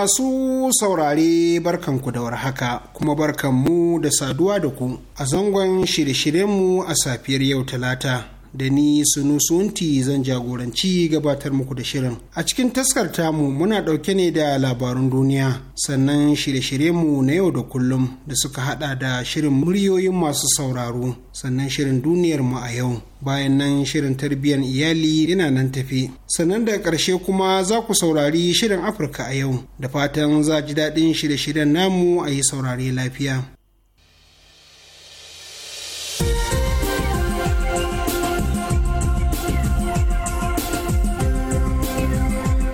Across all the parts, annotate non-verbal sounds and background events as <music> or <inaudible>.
Masu saurare barkanku da warhaka kuma barkanmu da saduwa da ku a zangon shirye-shiryenmu a safiyar yau talata da ni sunti zan jagoranci gabatar muku da shirin a cikin taskarta mu, muna ɗauke ne da labarun duniya sannan shirye mu na yau da kullum da suka hada da shirin muryoyin masu sauraro sannan shirin duniyar mu a yau bayan nan shirin tarbiyyar iyali yana nan tafi sannan daga ƙarshe kuma za ku saurari shirin afirka a yau da fatan za ji daɗin shirye-shiryen namu a yi saurare lafiya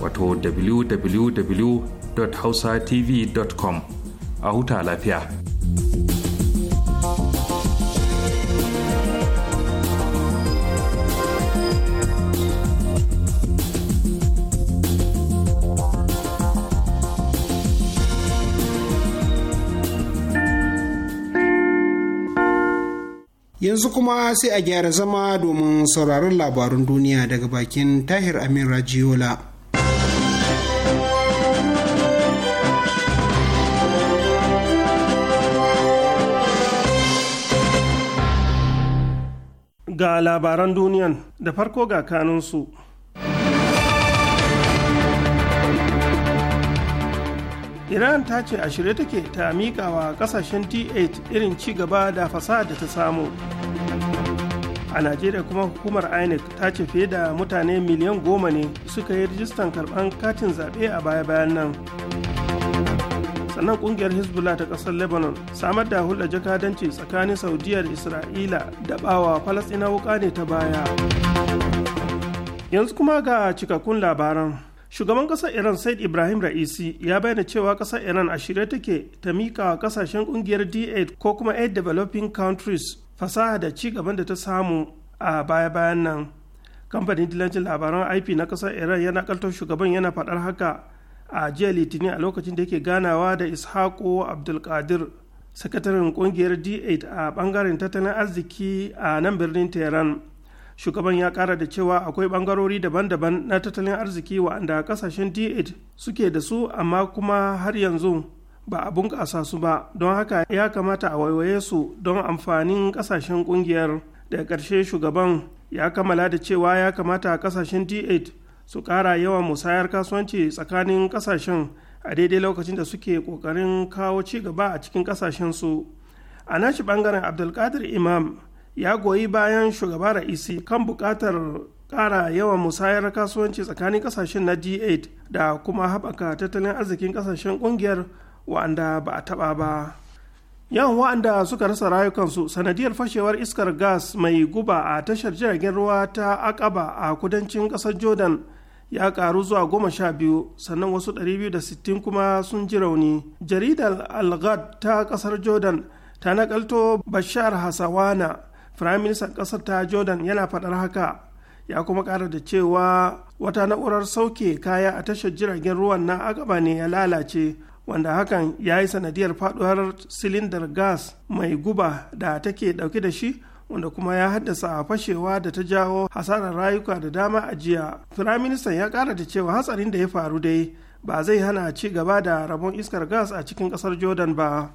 wato www.hausatv.com a huta lafiya. Yanzu kuma sai a gyara zama domin sauraron labarun duniya daga bakin Tahir Amin Rajiyola. ga labaran duniyan da farko ga kanunsu. iran ta ce a shirye take ta miƙa wa kasashen t8 irin ci gaba da fasaha da ta samu a najeriya kuma hukumar inec ta ce fiye da mutane miliyan goma ne suka yi rijistan karɓan katin zaɓe a baya-bayan nan sannan kungiyar hezbollah ta kasar lebanon samar da hulɗa jakadanci tsakanin saudiya da isra'ila da bawa falasina wuka ne ta baya yanzu kuma ga cikakkun labaran shugaban ƙasar iran said ibrahim ra'isi ya bayyana cewa ƙasar iran a shirye take ta mika kasashen ƙungiyar d8 ko kuma 8 developing countries fasaha da ci gaban da ta samu a baya-bayan nan kamfanin dilancin labaran ip na ƙasar iran yana kaltar shugaban yana faɗar haka a jiya litinin a lokacin da yake ganawa da ishaku abdulkadir sakataren kungiyar d8 a bangaren tattalin arziki a nan birnin tehran shugaban ya kara da cewa akwai bangarori daban-daban na tattalin arziki wa'anda kasashen d8 suke da su amma kuma har yanzu ba a bunƙasa su ba don haka ya kamata a waiwaye su don amfanin kasashen kungiyar daga ƙarshe shugaban ya kammala da cewa ya kamata kasashen d8 su ƙara yawan musayar kasuwanci tsakanin ƙasashen a daidai lokacin da suke ƙoƙarin kawo ci gaba a cikin su a nashi ɓangaren abdulkadir imam ya goyi bayan shugaba ra'isi kan buƙatar ƙara yawan musayar kasuwanci tsakanin ƙasashen na g8 da kuma haɓaka tattalin arzikin ƙasashen ƙungiyar wa'anda ba a taɓa ba yawan wa'anda suka rasa rayukansu sanadiyar fashewar iskar gas mai guba a tashar jiragen ruwa ta akaba a kudancin ƙasar jordan ya karu zuwa goma sha biyu sannan wasu 260 kuma sun ji rauni jaridar al ta kasar jordan ta nakalto bashar hasawana firaministan kasar ta jordan yana faɗar haka ya kuma ƙara da cewa wata na'urar sauke kaya a tashar jiragen ruwan na agaba ne ya lalace wanda hakan ya yi sanadiyar faduwar silindar gas mai guba da take dauke da shi wanda kuma ya haddasa a fashewa da ta jawo hasarar rayuka da dama a jiya firaministan ya kara da cewa hatsarin da ya faru dai ba zai hana ci gaba da rabon iskar gas a cikin kasar jordan ba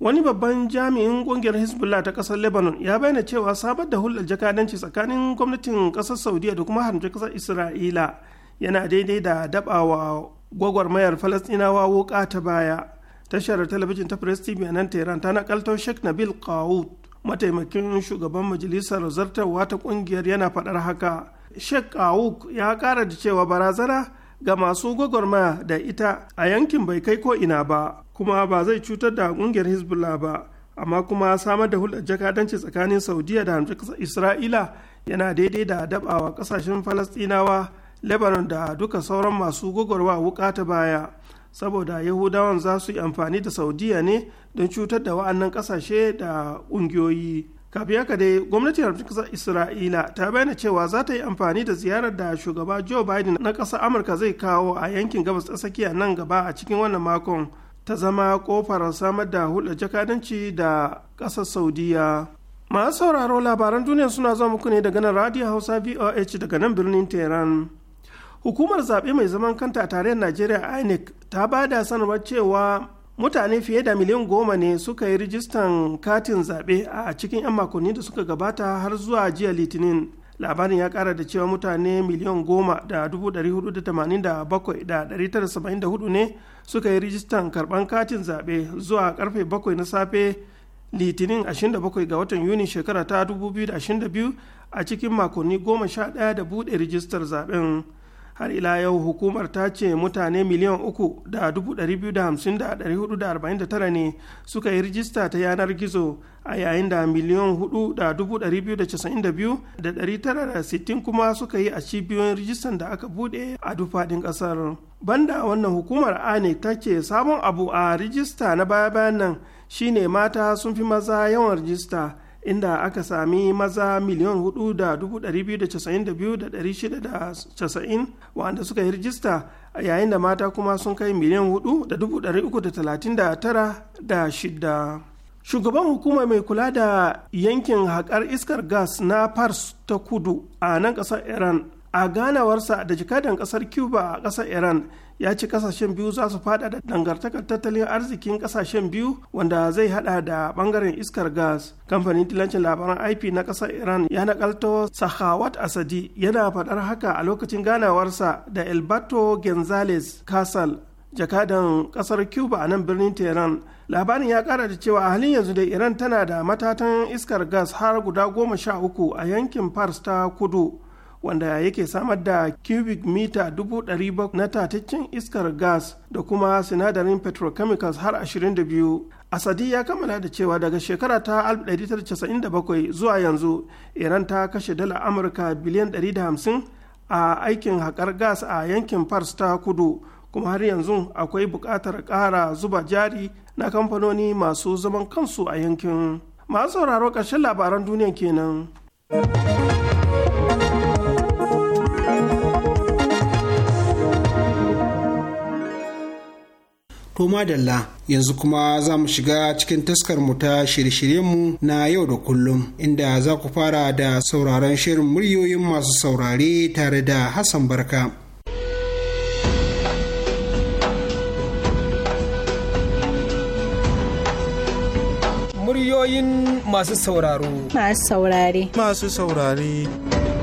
wani babban jami'in kungiyar hezbollah ta kasar lebanon ya bayyana cewa sabar da hulɗar jakadanci tsakanin gwamnatin kasar saudiya da kuma haramta kasar isra'ila yana daidai da daɓawa gwagwarmayar falastinawa wuka ta baya tashar talabijin ta press tv a nan tehran ta nakalto sheikh nabil qawut mataimakin shugaban majalisar zartarwa ta kungiyar yana faɗar haka sheikh awuk ya ƙara da cewa barazana ga masu gwagwarmaya da ita a yankin bai kai ko ina ba kuma ba zai cutar da kungiyar hezbollah ba amma kuma samar da hulɗar jakadanci tsakanin saudiya da isra'ila yana daidai da dabawa kasashen falastinawa lebanon da duka sauran masu gwagwarwa wuƙa ta baya saboda yahudawan za su yi amfani da saudiya ne don cutar da wa'annan kasashe da ƙungiyoyi kafin haka dai gwamnati kasa isra'ila ta bayyana cewa za ta yi amfani da ziyarar da shugaba joe biden na ƙasar amurka zai kawo a yankin gabas ta tsakiya nan gaba a cikin wannan makon ta zama kofar samar da hulɗar jakadanci da ƙasar saudiya masu sauraro labaran duniya suna zuwa muku ne daga nan radio hausa voh daga nan birnin tehran hukumar zaɓe mai zaman kanta a tarayyar najeriya inec ta ba da sanarwar cewa mutane fiye da miliyan goma ne suka yi rijistan katin zaɓe a cikin 'yan makonni da suka gabata har zuwa jiya litinin labarin ya kara da cewa mutane miliyan goma da dubu da tamanin ne suka yi rijistan karban katin zaɓe zuwa karfe bakwai na safe litinin 27 ga watan yuni shekara ta 2022 a cikin makonni goma sha daya da buɗe rijistar zaɓen har ila yau hukumar ta ce mutane miliyan uku da dubu ɗari biyu da hamsin da ɗari hudu da arba'in da tara ne suka yi rijista ta yanar gizo a yayin da miliyan hudu da dubu ɗari biyu da casa'in da biyu da ɗari tara da sittin kuma suka yi a cibiyoyin rijistan da aka buɗe a faɗin ƙasar banda wannan hukumar anec ta ce sabon abu a rijista na baya-bayan nan shine mata sun fi maza yawan rijista inda aka sami maza miliyan 4,292,690 wanda suka yi rijista yayin da mata kuma sun kai miliyan shida shugaban hukuma mai kula da yankin haƙar iskar gas na pars ta kudu a nan ƙasar iran a ganawarsa da jikadan ƙasar cuba a ƙasar iran ya ci kasashen biyu za su fada da dangantakar tattalin arzikin kasashen biyu wanda zai hada da bangaren iskar gas kamfanin tilancin labaran ip na kasar iran ya nakalto sahawat asadi yana faɗar haka a lokacin ganawarsa da elbato gonzales kasal jakadan kasar cuba a nan birnin tehran labarin ya kara da cewa a halin yanzu da iran tana da matatan iskar gas har guda goma sha uku a yankin fars ta kudu wanda yake samar da cubic mita 700 na tataccen iskar gas da kuma sinadarin petrochemicals har 22 asadi ya kammala da cewa daga shekara ta 1997 zuwa yanzu iran ta kashe dala amurka biliyan 150 a aikin haƙar gas a yankin fars ta kudu kuma har yanzu akwai buƙatar ƙara zuba jari na kamfanoni masu zaman kansu a yankin masu sauraro ƙarshen labaran duniya kenan. To madalla yanzu kuma za mu shiga cikin taskar mu ta shirye-shiryenmu na yau da kullum inda za ku fara da sauraron shirin muryoyin masu saurare tare da Hassan Barka. Muryoyin masu sauraro. Masu saurare. Masu saurare.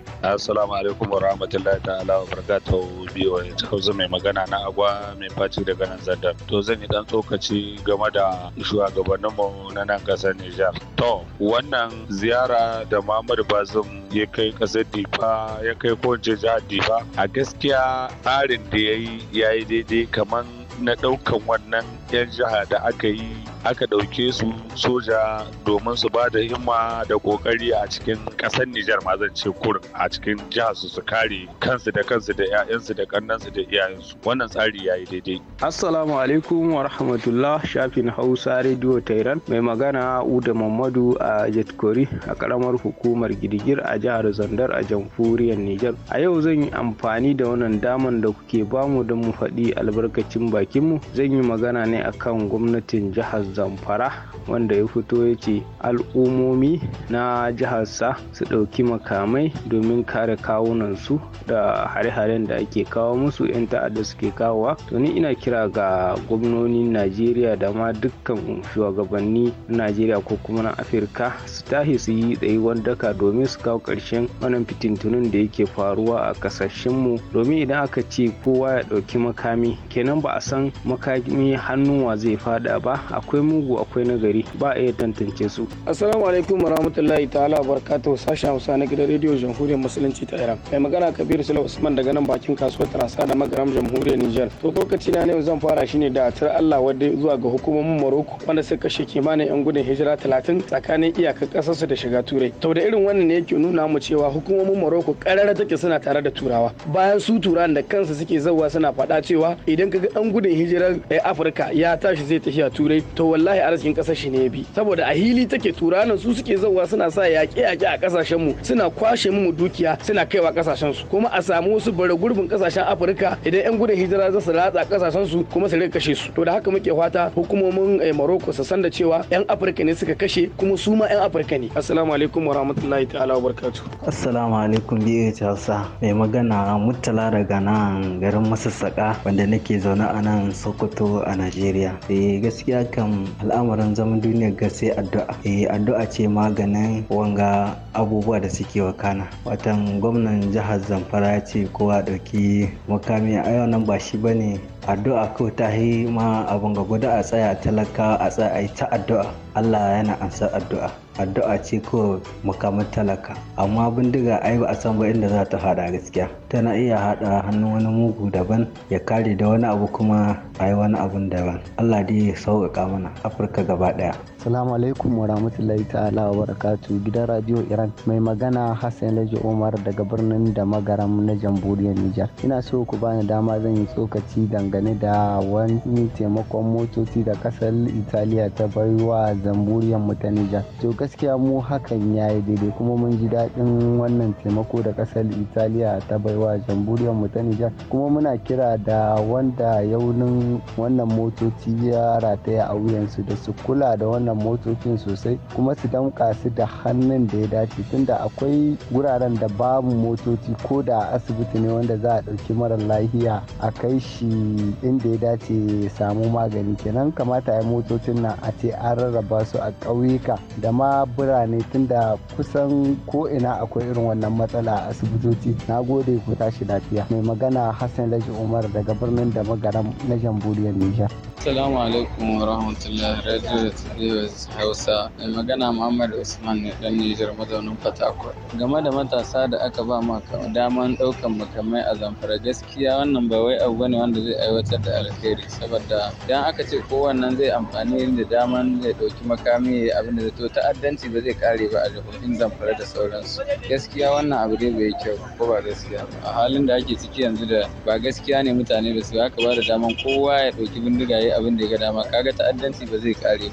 Assalamu alaikum wa rahmatullahi ta'ala wa barakatuhu biyo hausa mai magana na agwa mai faci daga nan zandar. To zan yi dan tsokaci game da shugabanninmu na nan kasar Nijar. To wannan ziyara da Muhammadu Bazum ya kai kasar Difa ya kai ko jihar Difa a gaskiya tsarin da ya yi ya yi daidai kamar na ɗaukan wannan 'yan jiha da aka yi aka ɗauke su soja domin su ba da himma da ƙoƙari a cikin ƙasar Nijar ma zan ce kurin a cikin jihar su su kare kansu da kansu da 'ya'yansu da ƙannansu da iyayensu wannan tsari ya yi daidai. Assalamu alaikum wa rahmatullah shafin Hausa Radio Tehran mai magana Uda Mamadu a Jetkori a ƙaramar hukumar Gidigir a jihar Zandar a jamhuriyar Nijar. A yau zan yi amfani da wannan daman da kuke bamu don mu faɗi albarkacin bakinmu zan yi magana ne akan gwamnatin jihar zamfara wanda ya fito ya ce al'ummomi na jiharsa su ɗauki makamai domin kare kawunansu da hare-haren da ake kawo musu 'yan ta'adda suke kawowa to ni ina kira ga gwamnonin najeriya da ma dukkan shugabanni na najeriya ko kuma na afirka su tahi su yi tsayuwar daka domin su kawo ƙarshen wannan fitintunin da yake faruwa a kasashen mu domin idan aka ce kowa ya ɗauki makami kenan ba a san makami hannuwa zai faɗa ba akwai akwai mugu akwai nagari ba a iya tantance su assalamu alaikum warahmatullahi ta'ala barkatu sashen hausa na gidan rediyo jamhuriyar musulunci ta iran mai magana kabiru sula usman daga nan bakin kasuwar tarasa da magaram jamhuriyar nijar. to lokaci na yau zan fara shine da atar allah wadda zuwa ga hukumomin morocco wanda suka kashe kimanin yan gudun hijira talatin tsakanin iyakar kasarsu da shiga turai to da irin wannan ne yake nuna mu cewa hukumomin morocco karara take suna tare da turawa bayan su turan da kansu suke zauwa suna faɗa cewa idan kaga dan gudun hijirar eh, afirka ya tashi zai tafiya turai to wallahi arzikin kasar shi ne bi saboda a hili take turanan su suke zauwa suna sa yaƙe yaƙe a kasashen mu suna kwashe mu dukiya suna kaiwa kasashen su kuma a samu wasu bara gurbin kasashen Afirka idan yan gudun hijira za su ratsa kasashen su kuma su rika kashe su to da haka muke fata hukumomin eh, Morocco su san da cewa yan Afirka ne suka kashe kuma su ma yan Afirka ne assalamu alaikum rahmatullahi ta'ala barakatuh assalamu alaikum bi Hausa mai magana Murtala daga nan garin Masassaka wanda nake zaune a nan Sokoto a Najeriya eh gaskiya kan al'amarin zaman duniya ga sai addu'a eh addu'a ce maganin wanga abubuwa da suke wakana watan gwamnan jihar zamfara ya ce kowa ɗauki makami a yau nan ba shi bane addu'a ko ta yi ma abin ga guda a tsaya talaka a tsaya a ta addu'a allah yana ansa addu'a addu'a ce ko mukamin talaka amma bindiga ai ba a san ba inda za ta fada gaskiya tana iya hada hannun wani mugu daban ya kare da wani abu kuma a yi wani abu daban allah dai ya sauƙaƙa mana afirka gaba ɗaya salamu alaikum wa rahmatullahi ta'ala wa barakatu gidan radio iran mai magana hassan laji umar daga birnin da magaram na jamhuriyar nijar ina so ku bani dama zan yi tsokaci dan dangane da wani taimakon motoci da kasar italiya ta baiwa zamburiyar mu ta nijar to gaskiya mu hakan ya yi daidai kuma mun ji daɗin wannan taimako da kasar italiya ta baiwa jamhuriyar mu ta nijar kuma muna kira da wanda yaunin wannan motoci ya rataya a wuyansu da su kula da wannan motocin sosai kuma su damƙa su da hannun da ya dace tunda akwai wuraren da babu motoci ko da asibiti ne wanda za a ɗauki mara lahiya a kai shi in inda ya dace samu magani kenan kamata ya motocin nan a ce an rarraba su a ƙauyuka da ma birane tunda kusan ko ina akwai irin wannan matsala a asibitoci na gode ku tashi lafiya mai magana hassan laji umar daga birnin da magaram na jamhuriyar nijar Assalamu alaikum wa rahmatullah Radio Studios Hausa mai magana Muhammad Usman ne dan Nijar mazaunin Fatakwal. Game da matasa da aka ba maka daman ɗaukan makamai a zamfara gaskiya wannan ba wai abu bane wanda zai aiwatar da alheri saboda idan aka ce kowannan zai amfani da daman ya ɗauki makami ya abin da to ta'addanci ba zai kare ba a jihohin zamfara da sauransu. Gaskiya wannan abu dai bai kyau ko ba gaskiya ba. A halin da ake ciki yanzu da ba gaskiya ne mutane ba su aka ba da daman kowa ya ɗauki bindiga ya yi abin da ya ga dama kaga ta'addanci ba zai kare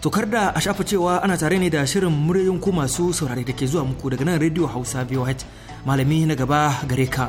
ba kar da a shafa cewa ana tare ne da shirin muryoyin ku masu saurare da ke zuwa muku daga nan rediyo hausa voh malami na gaba gare ka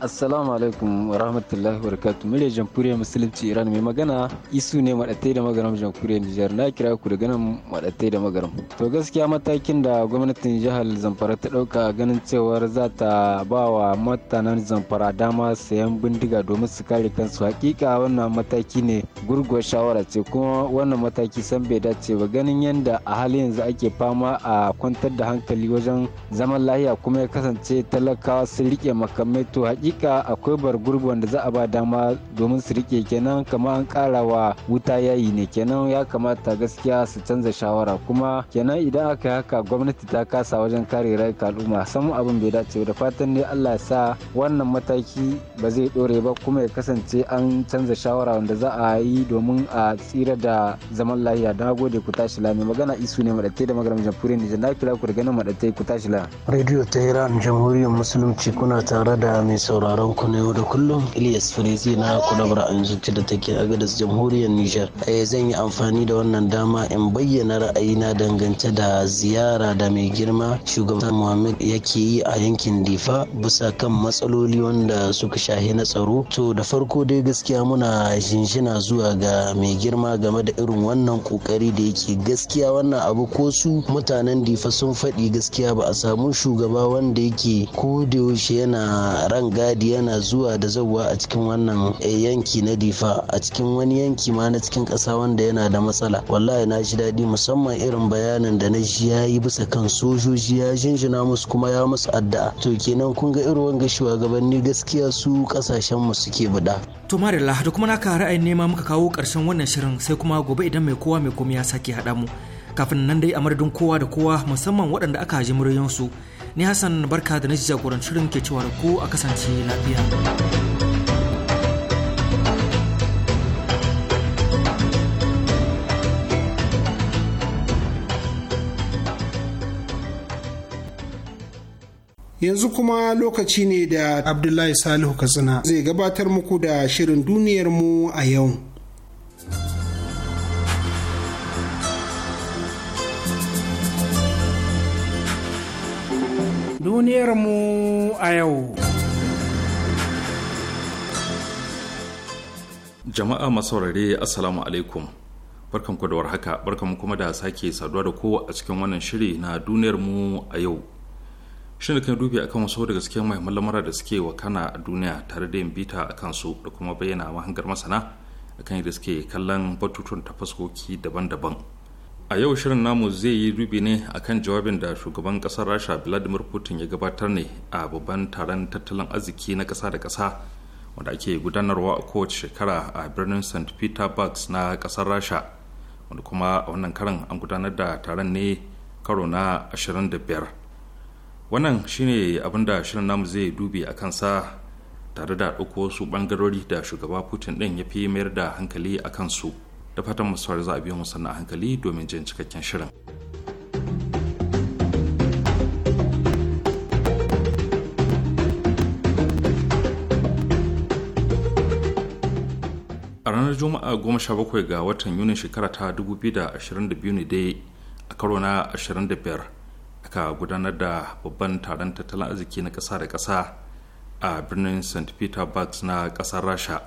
assalamu alaikum wa rahmatullahi wa barakatuh mure jamhuriyar musulunci iran mai magana isu ne madatai da magaram jamhuriyar nijar na kira ku da ganin madatai da magaram to gaskiya matakin da gwamnatin jihar zamfara ta dauka ganin cewar za ta ba wa mutanen zamfara dama sayan bindiga domin su kare kansu hakika wannan mataki ne gurguwar shawara ce kuma wannan mataki san bai dace ba ganin yadda a halin yanzu ake fama a kwantar da hankali wajen zaman lahiya kuma ya kasance talakawa sun rike makamai to hakika akwai bargurbi wanda za a ba dama domin su rike kenan kamar an kara wa wuta yayi ne kenan ya kamata gaskiya su canza shawara kuma kenan idan aka yi haka gwamnati ta kasa wajen kare rayuka al'umma san abin bai dace da fatan ne Allah ya sa wannan mataki ba zai dore ba kuma ya kasance an canza shawara wanda za a yi domin a tsira da zaman lafiya da gode ku tashi lami magana isu ne madatai da magana jamhuriyar Nijar na kira ku da ganin madatai ku tashi la radio ta jamhuriyar musulunci kuna tare da mai sauraron ku na yau da kullum Ilyas Firizi na kulabar anjinci da take a gadas jamhuriyar Nijar. yi eh, zan yi amfani da wannan dama in bayyana ra'ayina dangance da ziyara da mai girma shugaban Muhammad yake yi a yankin Difa bisa kan matsaloli wanda suka shahi na tsaro. To da farko dai gaskiya muna shinshina zuwa ga mai girma game da irin wannan kokari da yake gaskiya wannan abu ko su mutanen Difa sun faɗi gaskiya ba a samu shugaba wanda yake ko da yaushe yana ranga jihadi yana zuwa da zauwa a cikin wannan eh, yanki na difa a cikin wani yanki ma na cikin ƙasa wanda yana da matsala wallahi na ji daɗi musamman irin bayanin da na ji ya yi bisa kan sojoji ya jinjina musu kuma ya musu addu'a to kenan kun ga irin wanga shugabanni gaskiya su ƙasashen mu suke buɗa. to marilla da kuma naka ra'ayin nema muka kawo ƙarshen wannan shirin sai kuma gobe idan mai kowa mai komai ya sake haɗa mu kafin nan dai a madadin kowa da kowa musamman waɗanda aka ji muryansu su ni hassan barka da na shirin ke cewa ku a kasance lafiya yanzu kuma lokaci ne da abdullahi salihu katsina zai gabatar muku da shirin duniyarmu a yau duniyarmu a yau. Jama'a masaurare Assalamu alaikum. Barkan ku da warhaka, barkan kuma da sake saduwa da kowa a cikin wannan shiri na duniyarmu a yau. Shin da kan dubi akan wasu daga cikin mahimman lamura da suke wa kana a duniya tare da yin bita a su da kuma bayyana mahangar masana a akan yadda suke kallon batutun tafaskoki daban-daban. a yau shirin namu zai yi dubi ne akan jawabin da shugaban kasar rasha vladimir putin ya gabatar ne a babban taron tattalin arziki na kasa da kasa wanda ake gudanarwa a kowace shekara a birnin st petersburg na kasar rasha wanda kuma a wannan karan an gudanar da taron ne karo na 25 wannan shine abin da shirin namu zai dubi a kansa tare da ɗauko wasu bangarori da shugaba putin ɗin ya fi mayar da hankali a kansu. su da fatan masu za a biyo mu sannan hankali domin jin cikakken shirin. a ranar juma'a goma sha bakwai ga watan yunin shekara ta 2022 ne dai a karo na 25 aka gudanar da babban taron tattalin arziki na kasa da ƙasa a birnin st petersburg na ƙasar rasha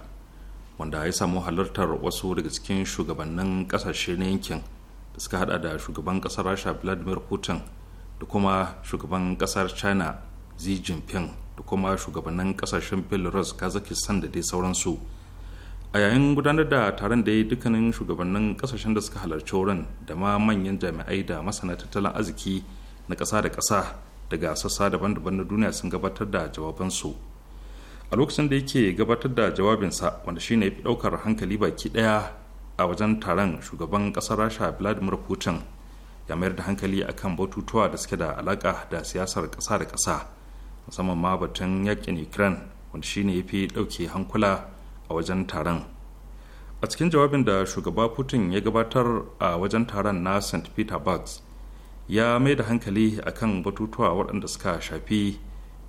wanda ya samu halartar wasu daga cikin shugabannin kasashe na yankin da suka hada da shugaban kasar rasha vladimir putin da kuma shugaban kasar china xi jinping da kuma shugabannin kasashen belarus kazakistan da dai sauransu a yayin gudanar da taron da ya dukkanin shugabannin kasashen da suka halarci wurin da ma manyan jami'ai da masana tattalin arziki na ƙasa da ƙasa daga sassa daban-daban na duniya sun gabatar da jawabansu a lokacin da yake gabatar da jawabinsa wanda shine fi daukar hankali baki daya a wajen taron shugaban kasar rasha vladimir putin ya mayar da hankali akan batutuwa da suke da alaka da siyasar kasa da kasa musamman ma batun yakin ukraine wanda shine ya fi dauke hankula a wajen taron a cikin jawabin da shugaba putin ya gabatar a wajen taron na st petersburg ya mai da hankali akan batutuwa waɗanda suka shafi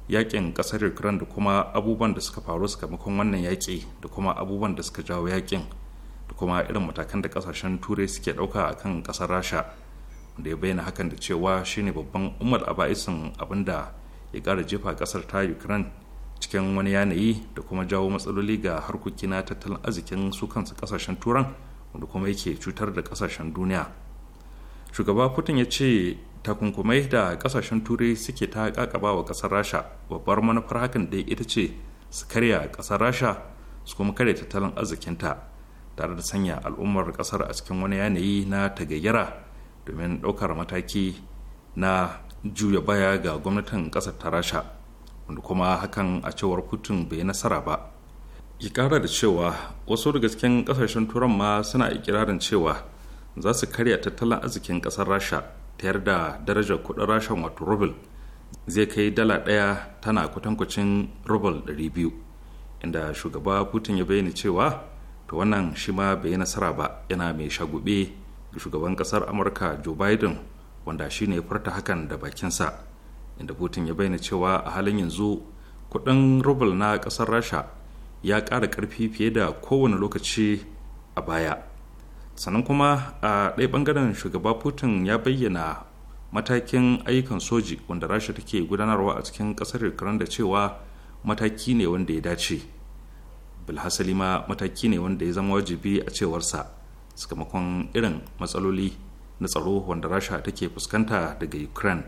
yakin kasar ukraine da kuma abubuwan da suka faru sakamakon wannan yaƙi da kuma abubuwan da suka jawo yakin da kuma irin matakan da kasashen turai suke ɗauka a kan ƙasar rasha da ya bayyana hakan da cewa shine babban umar a baisin abin da ya ƙara jefa ƙasar ta ukraine cikin wani yanayi da kuma jawo matsaloli ga harkoki na tattalin arzikin su kansu ƙasashen turan wanda kuma yake cutar da ƙasashen duniya shugaba putin ya ce takunkumai da kasashen turai suke ta kakaba wa kasar rasha babbar manufar hakan dai ita ce su karya kasar rasha su kuma karya tattalin arzikinta tare da sanya al'ummar kasar a cikin wani yanayi na tagayyara domin ɗaukar mataki na juya baya ga gwamnatin kasar ta rasha wanda kuma hakan a cewar putin bai nasara ba ki kara da cewa wasu daga cikin kasashen turan ma suna ikirarin cewa za su karya tattalin arzikin kasar rasha tayar da darajar kudin rashin wato rubel zai kai dala ɗaya tana kwatankwacin rubel 200 inda shugaba putin ya bayyana cewa to wannan shi ma bai yi nasara ba yana mai shagube ga shugaban kasar amurka joe biden wanda shi ne farta hakan da bakinsa inda putin ya bayyana cewa a halin yanzu kudin rubel na kasar rasha ya ƙara ƙarfi fiye da kowane lokaci a baya sannan kuma a ɗaya ɓangaren shugaba putin ya bayyana matakin ayyukan soji wanda rasha take gudanarwa a cikin ƙasar ukraine da cewa mataki ne wanda ya dace bilhassali ma mataki ne wanda ya zama wajibi a cewarsa sakamakon irin matsaloli na tsaro wanda rasha take fuskanta daga ukraine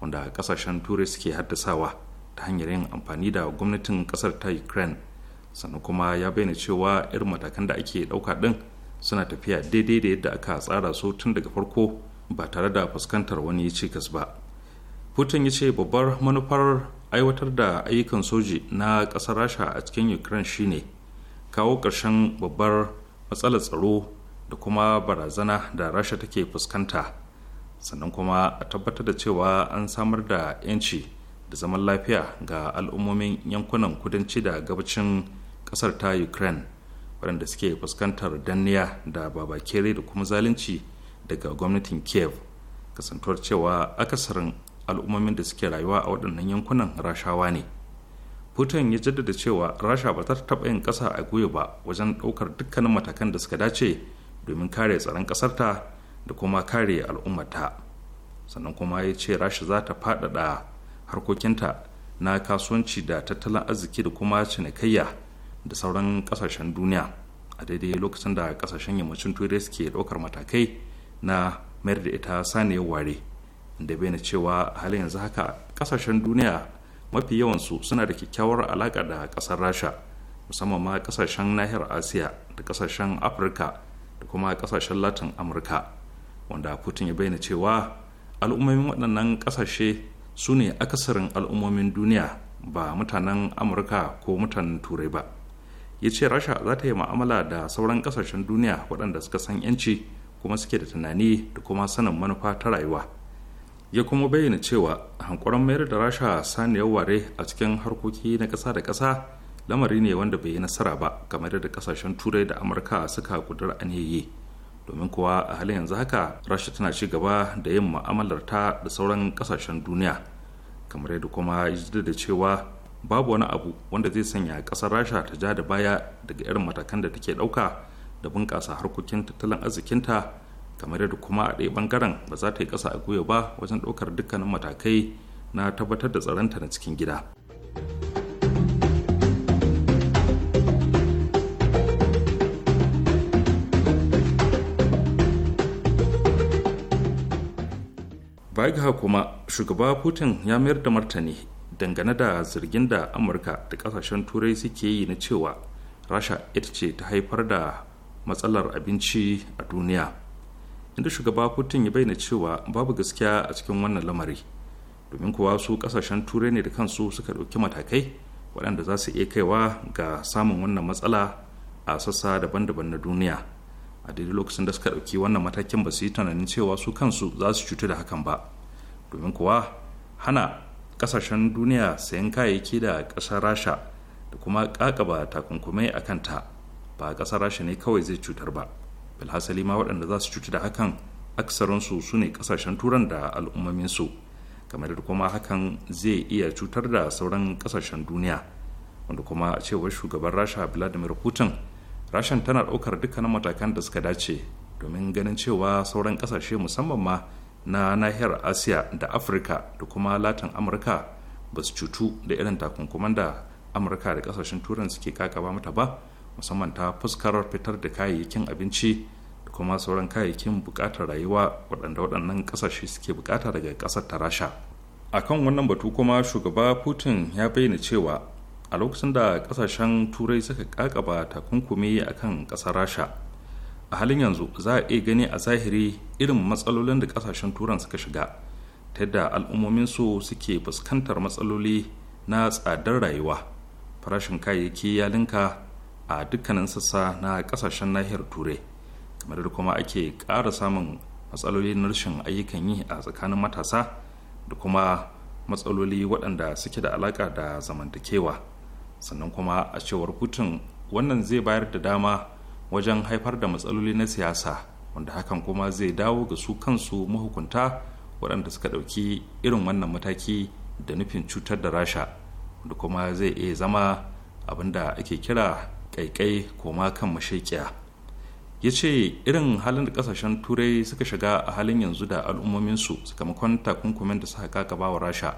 wanda ƙasashen turai suke haddasawa ta hanyar yin amfani da gwamnatin ƙasar ta ukraine sannan kuma ya bayyana cewa irin matakan da ake ɗauka ɗin suna tafiya daidai da yadda aka tsara su tun daga farko ba tare da fuskantar wani cikas ba putin ya ce babbar manufar aiwatar da ayyukan soji na ƙasar rasha a cikin ukraine shine kawo ƙarshen babbar matsalar tsaro da kuma barazana da rasha take fuskanta sannan kuma a tabbatar da cewa an samar da 'yanci da zaman lafiya ga al'ummomin yankunan kudanci da gabacin ƙasar ta ukraine waɗanda suke fuskantar danniya da babakere da kuma zalunci daga gwamnatin kiev kasantuwar cewa akasarin al'ummomin da suke rayuwa a waɗannan yankunan rashawa ne putin ya jaddada cewa rasha ba ta taɓa yin ƙasa a guye ba wajen ɗaukar dukkanin matakan da suka dace domin kare tsaron ƙasarta da kuma kare al'ummata sannan kuma ya ce rasha za ta faɗaɗa harkokinta na kasuwanci da tattalin arziki da kuma cinikayya da sauran kasashen duniya a daidai lokacin da kasashen yammacin turai suke ɗaukar matakai na mayar da ita saniyar ware da bayyana cewa halin yanzu haka kasashen duniya mafi yawansu suna da kyakkyawar alaƙa da ƙasar rasha musamman ma kasashen nahiyar asiya da kasashen afirka da kuma kasashen latin amurka wanda putin ya bayyana cewa al'ummomin waɗannan ƙasashe su ne akasarin al'ummomin duniya ba mutanen amurka ko mutanen turai ba ya ce rasha za ta yi ma'amala da sauran kasashen duniya waɗanda suka san 'yanci kuma suke da tunani da kuma sanin manufa ta rayuwa ya kuma bayyana cewa hankuran mayar da rasha saniyar ware a cikin harkoki na ƙasa da ƙasa lamari ne wanda bai yi nasara ba kamar yadda kasashen turai da amurka suka an yayi domin kuwa a halin yanzu haka rasha tana ci gaba da yin ma'amalar ta da sauran kasashen duniya kamar yadda kuma ya da cewa babu wani abu wanda zai sanya kasar rasha ta ja da baya daga irin matakan da take dauka da bunƙasa harkokin tattalin arzikinta kamar yadda kuma a ɗaya bangaren ba za ta yi ƙasa a goyo ba wajen ɗaukar dukkanin matakai na tabbatar da tsaronta na cikin gida. baya kuma shugaba putin ya mayar da martani dangane da zargin da amurka da kasashen turai suke yi na cewa rasha ita ce ta haifar da matsalar abinci a duniya inda shugaba putin ya bayyana cewa babu gaskiya a cikin wannan lamari domin kuwa su kasashen turai ne da kansu suka ɗauki matakai waɗanda za su iya kaiwa ga samun wannan matsala a sassa daban-daban na duniya a daidai lokacin da suka ɗauki wannan matakin ba su yi tunanin cewa su kansu za su cutu da hakan ba domin kuwa hana kasashen duniya sayan kayayyaki da ƙasar rasha da kuma kakaba takunkumai a kanta ba ƙasar rasha ne kawai zai cutar ba bilhassali ma waɗanda za su cuci da hakan aksarinsu su ne kasashen turan da al'ummominsu kamar da kuma hakan zai iya cutar da sauran ƙasashen duniya wanda kuma a cewar shugaban rasha vladimir putin rashan tana ɗaukar dukkanin matakan da suka dace domin ganin cewa sauran ƙasashe musamman ma na nahiyar asiya da afirka da kuma latin amurka ba su cutu da irin takunkuman da amurka da kasashen turan suke kakaba mata ba musamman ta fuskar fitar da kayayyakin abinci da kuma sauran kayayyakin bukatar rayuwa waɗanda waɗannan kasashe suke bukata daga ƙasar ta rasha a kan wannan batu kuma shugaba putin ya bayyana cewa a lokacin da kasashen turai suka kakaba takunkumi a kan ƙasar rasha a halin yanzu za a iya gani a zahiri irin matsalolin da kasashen turan suka shiga ta yadda al'ummomin su suke fuskantar matsaloli na tsadar rayuwa farashin kayayyaki ya linka a dukkanin sassa na kasashen nahiyar turai kamar da kuma ake ƙara samun matsaloli na rashin ayyukan yi a tsakanin matasa da kuma matsaloli waɗanda suke da alaƙa da zamantakewa sannan kuma a cewar hutun wannan zai bayar da dama wajen haifar da matsaloli na siyasa wanda hakan kuma zai dawo ga su kansu mahukunta waɗanda suka ɗauki irin wannan mataki da nufin cutar da rasha da kuma zai iya zama abin da ake kira kaikai ma kan mashaƙiya ya ce irin halin da ƙasashen turai suka shiga a halin yanzu da al'ummominsu sakamakon takunkumin da suka kakaba wa rasha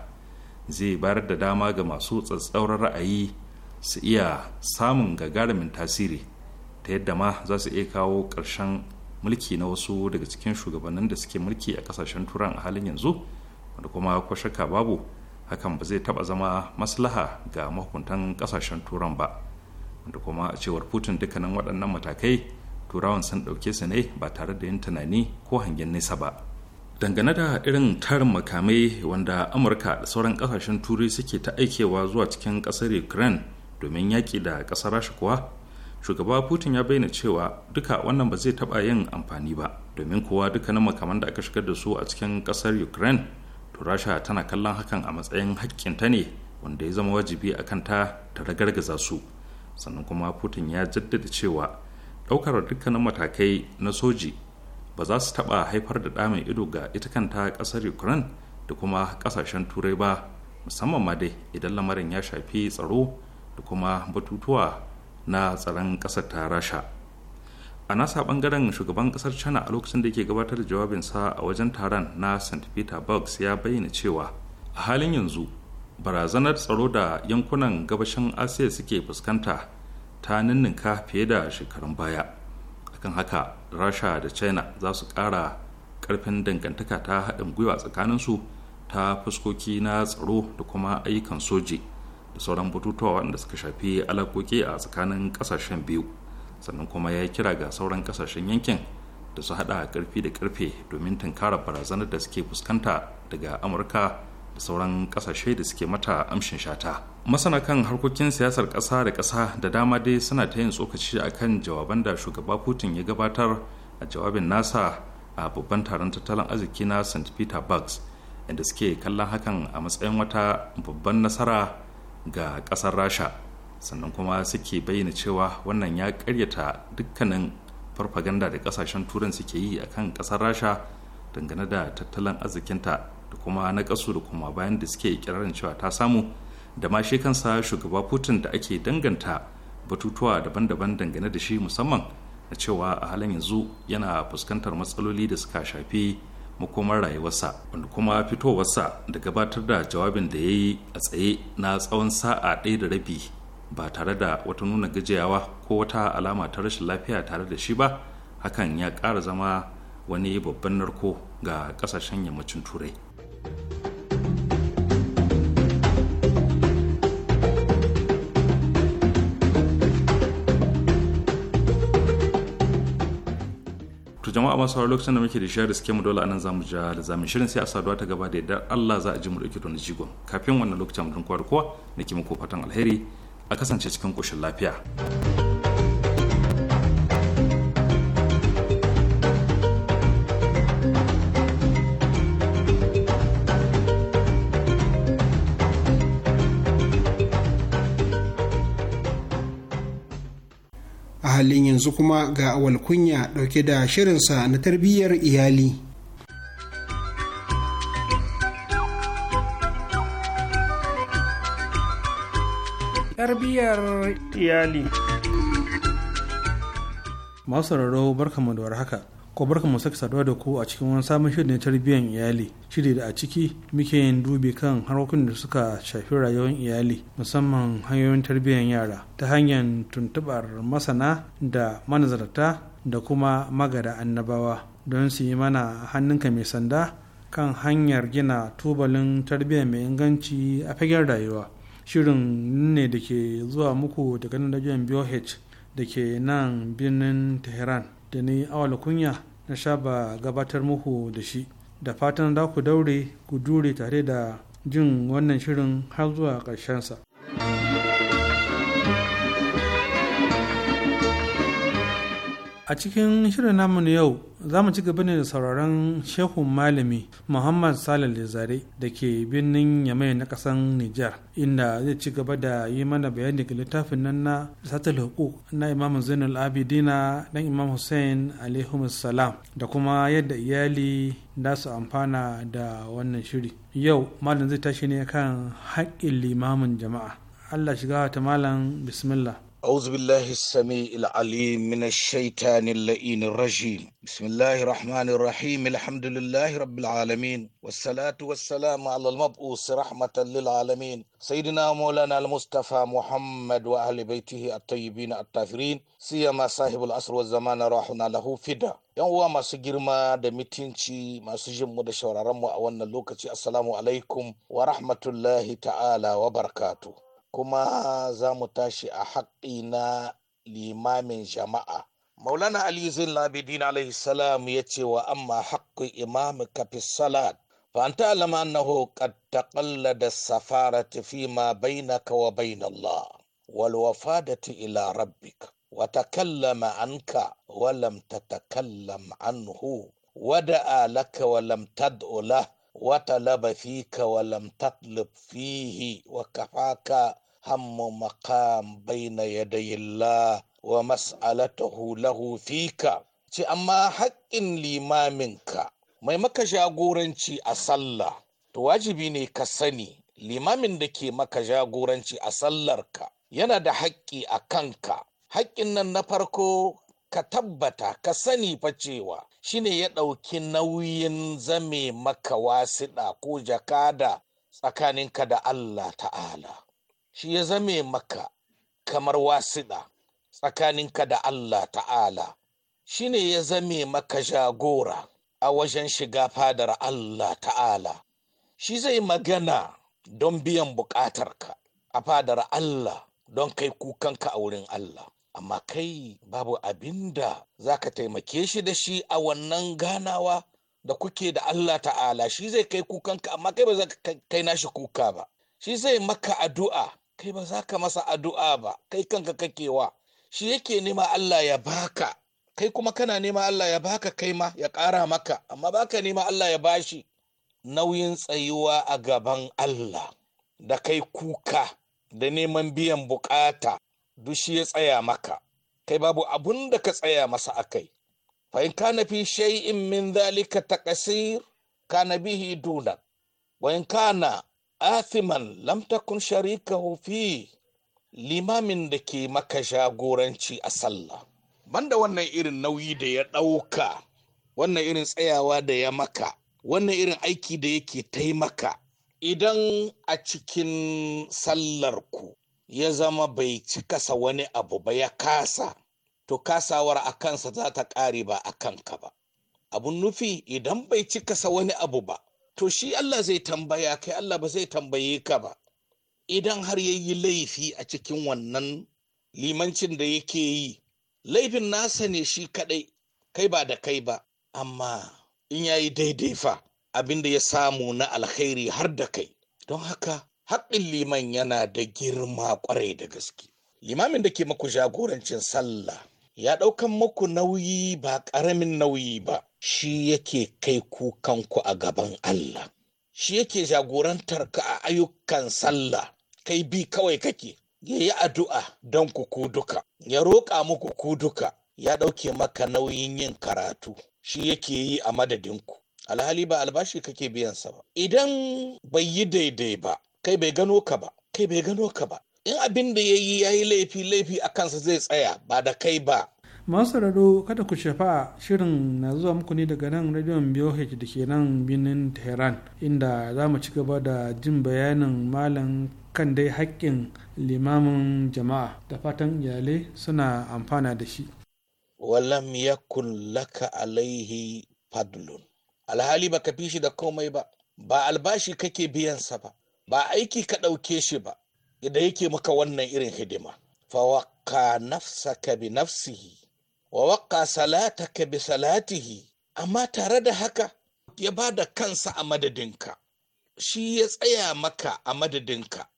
zai bayar da dama ga masu tsatsauran ra'ayi su iya samun gagarumin tasiri ta yadda ma za su iya kawo ƙarshen mulki na wasu daga cikin shugabannin da suke mulki a ƙasashen turan a halin yanzu wanda kuma ko shakka babu hakan ba zai taba zama maslaha ga mahukuntan ƙasashen turan ba wanda kuma a cewar putin dukkanin waɗannan matakai turawan sun ɗauke su ne ba tare da yin tunani ko hangen nesa ba dangane da irin tarin makamai wanda amurka da sauran ƙasashen turai suke ta aikewa zuwa cikin ƙasar ukraine domin yaƙi da ƙasar rasha kuwa shugaba putin ya bayyana cewa duka wannan ba zai taba yin amfani ba domin kowa dukkanin makaman da aka shigar da su a cikin kasar ukraine to rasha tana kallon hakan a matsayin hakkinta ne wanda ya zama wajibi a kanta ta ragargaza su sannan kuma putin ya jaddada cewa daukar dukkanin matakai na soji ba za su taba haifar da damin ido ga ita kanta kasar ukraine da kuma kasashen turai ba musamman ma dai idan lamarin ya shafi tsaro da kuma batutuwa na tsaron ƙasar ta rasha a nasa bangaren shugaban ƙasar china a lokacin da yake gabatar da jawabinsa a wajen taron na st peterburg ya bayyana cewa a halin yanzu barazanar tsaro da yankunan gabashin asiya suke fuskanta ta ninninka fiye da shekarun baya akan haka rasha da china za su ƙara ƙarfin dangantaka ta haɗin gwiwa tsakaninsu ta fuskoki na tsaro da kuma ayyukan soji da sauran bututuwa waɗanda suka shafi alakoki a tsakanin ƙasashen biyu sannan kuma ya yi kira ga sauran ƙasashen yankin da su haɗa ƙarfi da ƙarfe domin tunkara barazanar da suke fuskanta daga amurka da sauran ƙasashe da suke mata amshin shata masana kan harkokin siyasar ƙasa da ƙasa da dama dai suna ta yin tsokaci akan jawaban da shugaba putin ya gabatar a jawabin nasa a babban taron tattalin arziki na st peter bugs inda suke kallon hakan a matsayin wata babban nasara ga ƙasar rasha sannan kuma suke bayyana cewa wannan ya karyata dukkanin farfaganda da ƙasashen turan suke yi a kan ƙasar rasha dangane da tattalin arzikinta da kuma na ƙasu da kuma bayan da suke kirarin cewa ta samu da ma shi kansa shugaba putin da ake danganta batutuwa daban-daban dangane da shi musamman na cewa a halin yanzu yana fuskantar matsaloli da suka shafi makomar rayuwarsa wanda kuma fitowarsa da gabatar da jawabin da ya yi a tsaye na tsawon sa'a ɗaya da rabi ba tare da wata nuna gajiyawa ko wata alama ta rashin lafiya tare da shi ba hakan ya ƙara zama wani babban narko ga ƙasashen yammacin turai jama'a masu sauraro lokacin da muke da suke mu dole anan zamu ja da zamu shirin sai a saduwa ta gaba da yadda Allah za a ji mu dauke na jigon kafin wannan lokacin mu dun kowa nake muku fatan alheri a kasance cikin koshin lafiya. halin yanzu kuma ga awal kunya ɗauke da shirinsa na tarbiyyar iyali. Tarbiyyar iyali. Masu raro barkamu da warhaka. haka. ko barka mu saka saduwa da ku a cikin wani sabon shirin tarbiyyar iyali shiri da a ciki muke yin dubi kan harkokin da suka shafi rayuwar iyali musamman hanyoyin tarbiyyar yara ta hanyar tuntubar masana da manazarta da kuma magada annabawa don su yi mana hannunka mai sanda kan hanyar gina tubalin tarbiyya mai inganci a fagen rayuwa shirin ne da ke zuwa muku daga nan da da ke nan birnin tehran da ni awal kunya na sha ba gabatar muku da shi da fatan za ku daure ku dure tare da jin wannan shirin har zuwa ƙarshensa a cikin shirin namu na yau za mu ci gaba ne da sauraron shehun malami muhammad salal zare da ke birnin yamai na kasan nijar inda zai ci gaba da yi mana bayani ga littafin nan na satul hukuk na imam zainul abidina dan imam hussein alaihim salam da kuma yadda iyali da su amfana da wannan shiri yau malam zai tashi ne kan haƙƙin limamin jama'a allah shiga ta malam bismillah أعوذ بالله السميع العليم من الشيطان اللئين الرجيم بسم الله الرحمن الرحيم الحمد لله رب العالمين والصلاة والسلام على المبعوث رحمة للعالمين سيدنا مولانا المصطفى محمد وأهل بيته الطيبين الطاهرين سيما صاحب العصر والزمان راحنا له فدا yan uwa masu girma da mitinci masu jin mu da shauraron mu a wannan lokaci assalamu alaikum wa rahmatullahi ta'ala wa barakatuh kuma za mu tashi a haƙƙi na limamin jama'a maulana ali zin labidin alaihi salam ya ce wa amma haƙƙi imam kafi salat fa an ta'lama annahu qad taqallada safarati fi ma bainaka wa bain Allah wal wafadati ila rabbika وتكلم عنك ولم anhu عنه ودعا لك ولم تدع له وطلب فيك ولم تطلب فيه وكفاك هم مقام بين يدي الله ومسألته له فيك ce amma haƙƙin limaminka mai maka jagoranci a sallah to wajibi ne ka sani limamin da ke maka jagoranci a sallarka yana da haƙƙi a kanka haƙƙin nan na farko ka tabbata ka sani fa cewa shine ya ɗauki nauyin zame maka wasiɗa ko jakada tsakaninka da Allah ta'ala shi ya zame maka kamar wasiɗa tsakaninka da Allah ta'ala shi ne ya zame maka jagora a wajen shiga fadar Allah ta'ala shi zai magana don biyan buƙatarka a fadar Allah don kai kukanka a wurin Allah amma kai babu abin da za ka taimake shi da shi a wannan ganawa da kuke da Allah ta'ala shi zai kai kukanka amma kai ba za ka kai nashi kuka ba shi zai maka addu'a kai ba za ka masa addu'a ba kai kanka kakewa shi yake nema Allah ya baka kai kuma kana nema Allah ya baka kai ma ya ƙara maka amma baka nema Allah ya bashi nauyin tsayuwa a gaban Allah da kai kuka da neman biyan bukata Dushi ya tsaya maka kai babu abun da ka tsaya masa akai fa in kana fi shay'in min dhalika taqsir kana bihi duna wa in kana athiman lam takun sharikahu fi limamin da ke maka jagoranci a sallah banda wannan irin nauyi da ya ɗauka wannan irin tsayawa da ya maka wannan irin aiki da yake taimaka idan a cikin sallar ku ya zama bai cikasa wani abu ba ya kasa to kasawar a kansa za ta ƙare ba a kanka ba abun nufi idan bai cikasa wani abu ba to shi Allah zai tambaya kai Allah ba zai tambaye ka ba idan har ya yi laifi a cikin wannan limancin da yake yi laifin nasa ne shi kadai kai ba da kai ba amma in ya yi daidai fa abin da ya samu na alkhairi har da kai don haka haƙƙin liman yana da girma ƙwarai da gaske limamin da ke maku jagorancin sallah ya ɗaukan maku nauyi ba ƙaramin nauyi ba shi yake kai kukanku a gaban Allah shi yake jagorantar ka a ayyukan sallah kai bi kawai kake ya yi addu'a don ku ku duka ya roƙa muku ku duka ya ɗauke maka nauyin yin karatu shi yake yi a madadinku alhali ba albashi kake biyansa ba idan bai yi daidai ba kai bai gano ka ba kai bai gano ka ba in abin da ya yi ya yi laifi laifi a kansa zai tsaya ba da kai ba masu kada ku shafa shirin na zuwa muku ne daga nan radiyon BOH da ke nan birnin tehran inda za mu ci gaba da jin bayanin malam kan dai haƙƙin limamin jama'a da fatan iyalai suna amfana da shi walam yakun laka alaihi fadlun alhali baka fi shi da komai ba ba albashi kake biyansa ba ba aiki ka ɗauke shi ba idan yake maka wannan irin hidima fawakka nafsaka bi nafsihi wa salata salataka bi salatihi amma tare da haka ya ba da kansa a madadinka shi ya tsaya maka a madadinka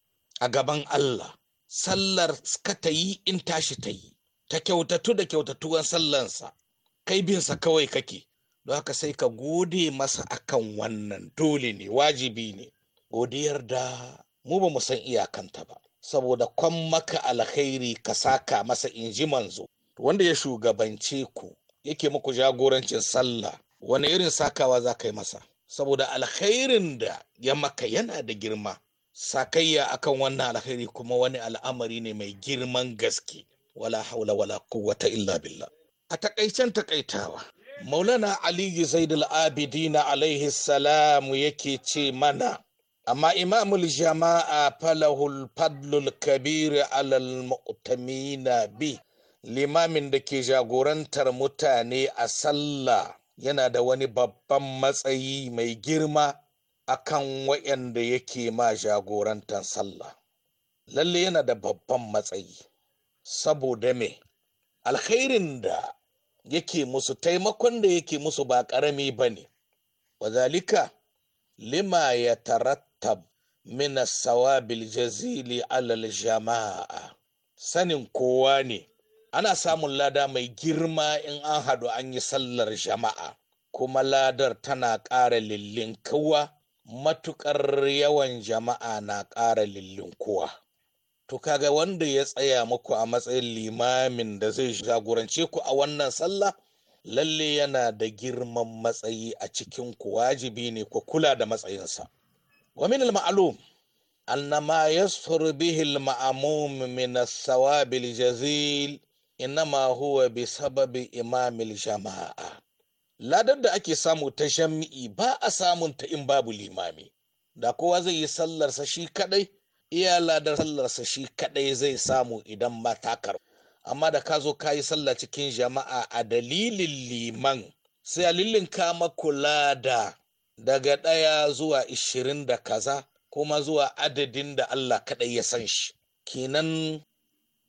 a gaban Allah sallar ka ta yi in tashi ta yi ta kyautatu da kyautatuwan sallansa kai binsa kawai kake don haka sai ka gode masa akan wannan dole ne wajibi ne godiyar da mu ba mu san iyakanta ba saboda kwan maka alkhairi ka saka masa inji manzo wanda ya shugabance ku yake muku jagorancin sallah wani irin sakawa za ka yi masa saboda alkhairin da ya maka yana da girma sakayya akan wannan alkhairi kuma wani al'amari ne mai girman gaske wala haula wala quwwata illa billah a takaicen takaitawa maulana aliyu zaidul abidina alaihi salam yake ce mana amma imamul jama'a falahul fadlul kabir alal mu'tamina bi limamin da ke jagorantar mutane a sallah yana da wani babban matsayi mai girma akan waɗanda yake ma jagorantar sallah lalle yana da babban matsayi saboda me alkhairin da yake musu taimakon da yake musu ba ƙarami bane ne wazalika lima ya tarattab mina sawabil jazili alal jama'a sanin kowa ne ana samun lada mai girma in an haɗu an yi sallar jama'a kuma ladar tana ƙara lillin kowa matuƙar yawan jama'a na ƙara kowa to kaga wanda ya tsaya muku a matsayin limamin da zai jagorance ku a wannan sallah lalle yana da girman matsayi a cikin ku wajibi ne ku kula da matsayinsa wa min al-ma'lum anna ma yasfur bihi al-ma'mum min as-sawab al-jazil huwa bi sababi imam jamaa ladar da ake samu ta shami'i ba a samun ta in babu limami da kowa zai yi sallarsa shi kaɗai, iya ladar sallarsa shi kaɗai zai samu idan matakar amma da ka zo ka yi sallah cikin jama'a a dalilin liman sai a lillinka makula da daga ɗaya zuwa ishirin da kaza kuma zuwa adadin da Allah kaɗai ya san shi kenan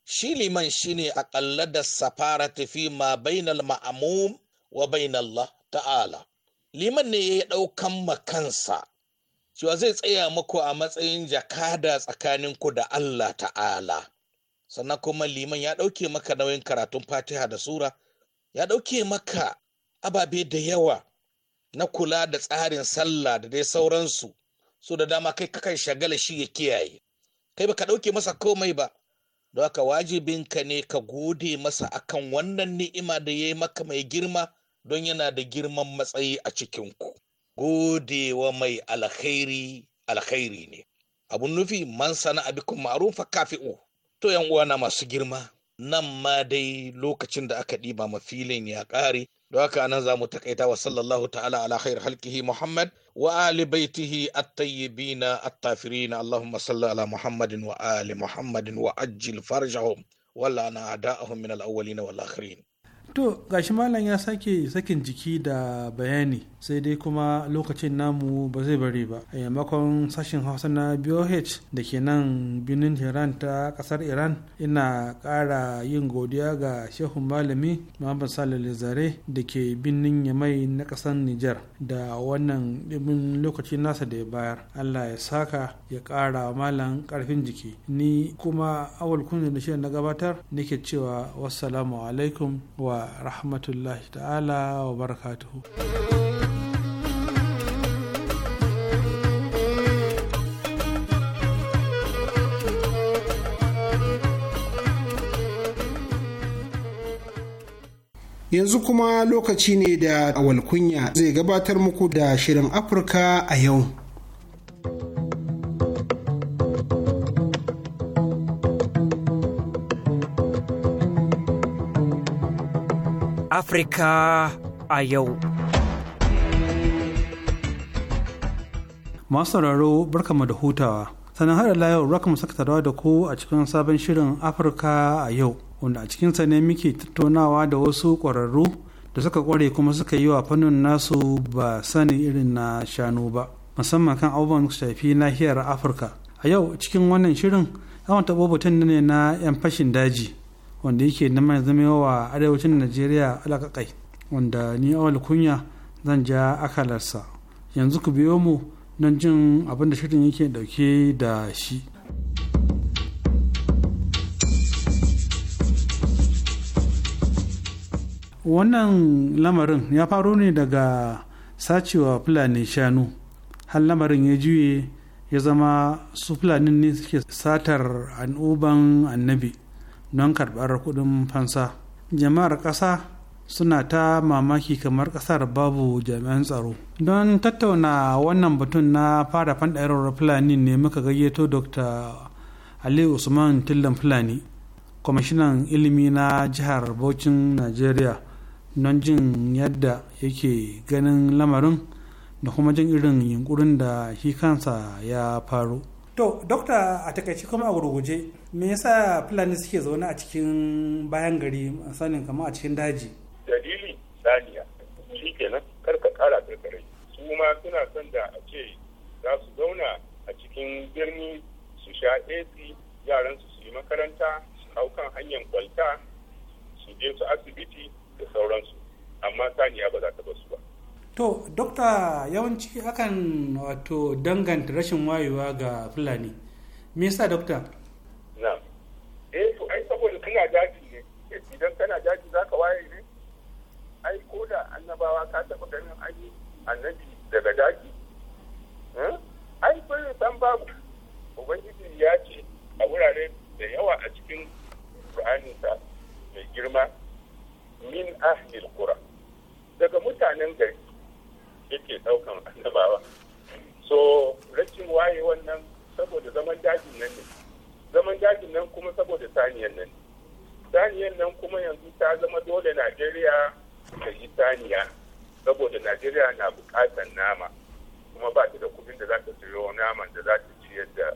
shi liman shine aƙalla da safara tafi ma bainal ma'amum wa bainallah ta'ala liman ne ya ɗaukan makansa cewa zai tsaya muku a matsayin jakada tsakaninku da Allah ta'ala sannan kuma liman ya ɗauke maka nauyin karatun fatiha da sura ya ɗauke maka ababe da yawa na kula da tsarin sallah da dai sauransu su da dama kai kakan shagala shi ya kiyaye kai baka ɗauke masa komai ba don haka wajibinka ne ka gode masa akan wannan ni'ima da ya yi maka mai girma don yana da girman matsayi a cikinku godewa mai alkhairi alkhairi ne abun nufi man sana abikun ma'ruf kafi'u To yan na masu girma, nan ma dai lokacin da aka ɗiba ma filin ya ƙare, da haka nan za mu takaita wa sallallahu ta'ala ala khair halkihi Muhammad wa ali baitihi at-tayyibina at Allahumma salli ala Muhammadin wa ali Muhammadin wa ajil farjahum wala na ada'ahum min al wal akhirin. to gashi malam ya sake sakin jiki da bayani sai dai kuma lokacin namu ba zai bari ba a yammakon sashen hausa na boh da ke nan binin iran ta kasar iran ina ƙara yin godiya ga shehun malami muhammad salih zare da ke binin yamai na ƙasar niger da wannan ɗimin lokacin nasa da ya bayar allah ya saka ya ƙara malam ƙarfin jiki ni kuma awal kunya da shi na gabatar nake cewa wassalamu alaikum wa rahmatullahi ta'ala wa barakatuhu yanzu kuma lokaci ne da awalkunya zai gabatar muku da shirin afirka a yau Afirka a yau. Masu sauraro barkamu da hutawa. Sannan haɗa ila yau rakamu saka da ku a cikin sabon shirin Afirka a yau, wanda a cikinsa ne muke tattaunawa da wasu ƙwararru da suka ƙware kuma suka yi wa fannin nasu ba sanin irin na shanu ba, musamman kan abubuwan shafi nahiyar Afirka. A yau cikin wannan shirin, yawan taɓo batun ne na 'yan fashin daji. wanda yake na mai zama yawa arewacin najeriya alakakai wanda ni awal kunya zan ja akalarsa yanzu ku biyo mu don jin abin da shirin yake dauke da shi wannan lamarin ya faro ne daga sacewa fulani shanu har lamarin ya juye ya zama su fulanin ne suke satar an'uban annabi don karɓar kuɗin fansa jama'ar ƙasa suna ta mamaki kamar ƙasar babu jami'an tsaro don tattauna wannan batun na fara fanɗarar fulani ne muka gayyato dr ali usman tillan fulani kwamishinan ilimi na jihar Bauchin Najeriya don jin yadda yake ganin lamarin da kuma jin irin yunkurin da shi kansa ya faru. To, Dokta a takaici kuma a gurguje me yasa fulani suke zaune a cikin bayan gari sanin kama a cikin daji dalili saniya shi kenan kar ka kara da su ma suna son da a ce za su zauna a cikin birni su sha ac yaran su su yi makaranta su hau kan hanyar kwalta su je su asibiti da sauransu amma saniya ba za ta basu ba to dokta yawanci akan wato danganta rashin wayewa ga fulani me yasa dokta na eh to ai saboda kana daji ne idan kana daji za ka waye ne ai ko da annabawa ka taɓa ganin an annabi daga daji hmm? ai bai san babu ubangiji ya ce a wurare da yawa a cikin ƙur'aninsa mai girma min ahlil qura daga mutanen gari yake ɗaukan annabawa so rashin waye wannan saboda zaman dajin nan ne zaman dajin nan kuma saboda saniyan nan saniyan nan kuma yanzu ta zama dole najeriya ta yi saniya saboda najeriya na bukatan nama kuma ba ta da kudin da za ta siyo naman da za ta ciyar da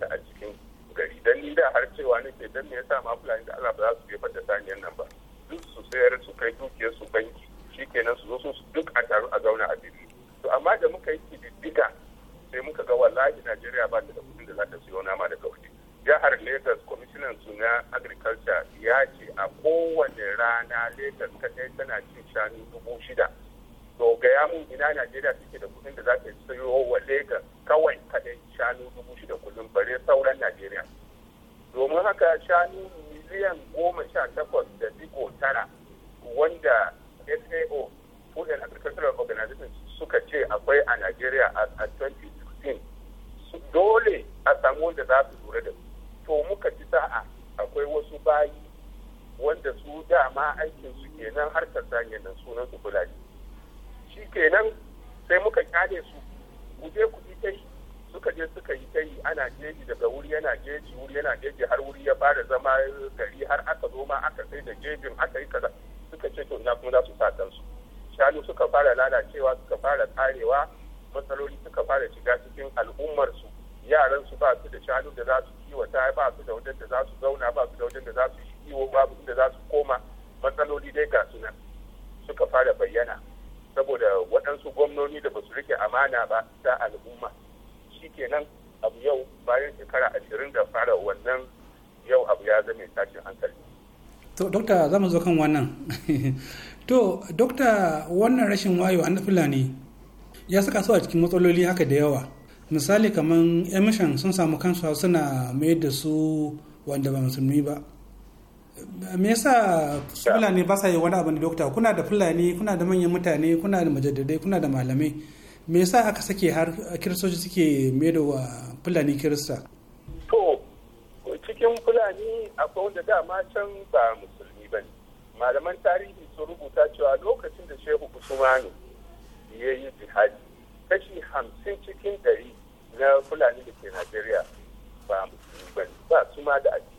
ta a cikin gari dan ni da har cewa nake dan me yasa ma fulani da Allah ba za su jefa da saniyan nan ba duk su sayar su kai dukiyar su banki shikenan su zo su duk a taru a zauna a birni to amma da muka yi kididdiga sai muka ga wallahi Najeriya ba ta da kudin da za ta siyo nama daga waje jihar legas kwamishinan su na agriculture ya ce a kowane rana legas kadai tana cin shanu dubu shida to ya mun ina najeriya suke da kudin da za ta sayo wa legas kawai kadai shanu dubu shida kullum bare sauran najeriya domin haka shanu miliyan goma sha takwas da digo tara wanda sao food and agricultural organization suka ce akwai a najeriya a 2016 dole a samu wanda za su lura da su to muka ci sa'a akwai wasu bayi wanda su dama aikin su kenan har ta kenan sunan su fulani shi kenan sai muka kyale su kuje yi ta yi suka je suka yi ta yi ana jeji daga wuri yana jeji wuri yana jeji har wuri ya fara zama gari har aka zo ma aka sai da jejin aka yi kaza suka ce to na kuma za su sa su shanu suka fara lalacewa suka fara karewa matsaloli suka fara shiga cikin al'ummar su yaran su ba su da shanu da za su yi ba su da wajen da za su zauna ba su da wajen da za su yi ba su da za su koma matsaloli dai ga suna suka fara bayyana saboda waɗansu gwamnoni da ba su rike amana ba ta al'umma kenan abu yau bayan shekara ashirin da fara wannan yau abu ya zame tashin hankali to dokta za mu zo kan wannan <laughs> to dokta wannan rashin wayo an fulani ya saka su a cikin matsaloli haka da yawa misali kamar emission sun samu kansu suna mai da su wanda ba musulmi ba me yasa fulani ba sa yi wani abu da dokta kuna da fulani kuna da manyan mutane kuna da majaddadai kuna da malamai me yasa aka sake har kiristoci suke mai da wa fulani kirista to cikin fulani akwai wanda dama can ba musulmi ba ne malaman tarihi sun rubuta cewa lokacin da shehu kusumanu ya yi jihadi kashi hamsin cikin ɗari na fulani da ke najeriya ba ba su ma da aji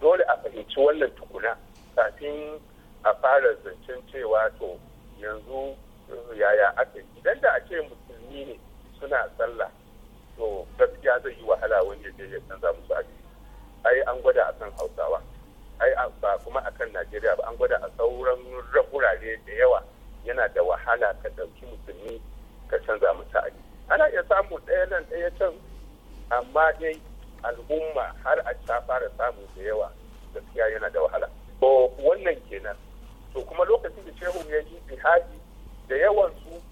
dole a fahimci wannan tukuna kafin a fara zancen cewa to yanzu eh, yaya aka yi idan da a ce musulmi ne suna sallah to gaskiya zai yi wahala wani ya ya canza musu aji ai an gwada a kan hausawa ai ba kuma a kan najeriya ba an gwada a sauran wurare da yawa yana da wahala ka ɗauki musulmi ka canza musu aji ana iya samu ɗaya nan ɗaya can amma dai al'umma har a ta fara samu da yawa gaskiya yana da wahala to wannan kenan to kuma lokacin da shehu ya yi jihadi da yawan su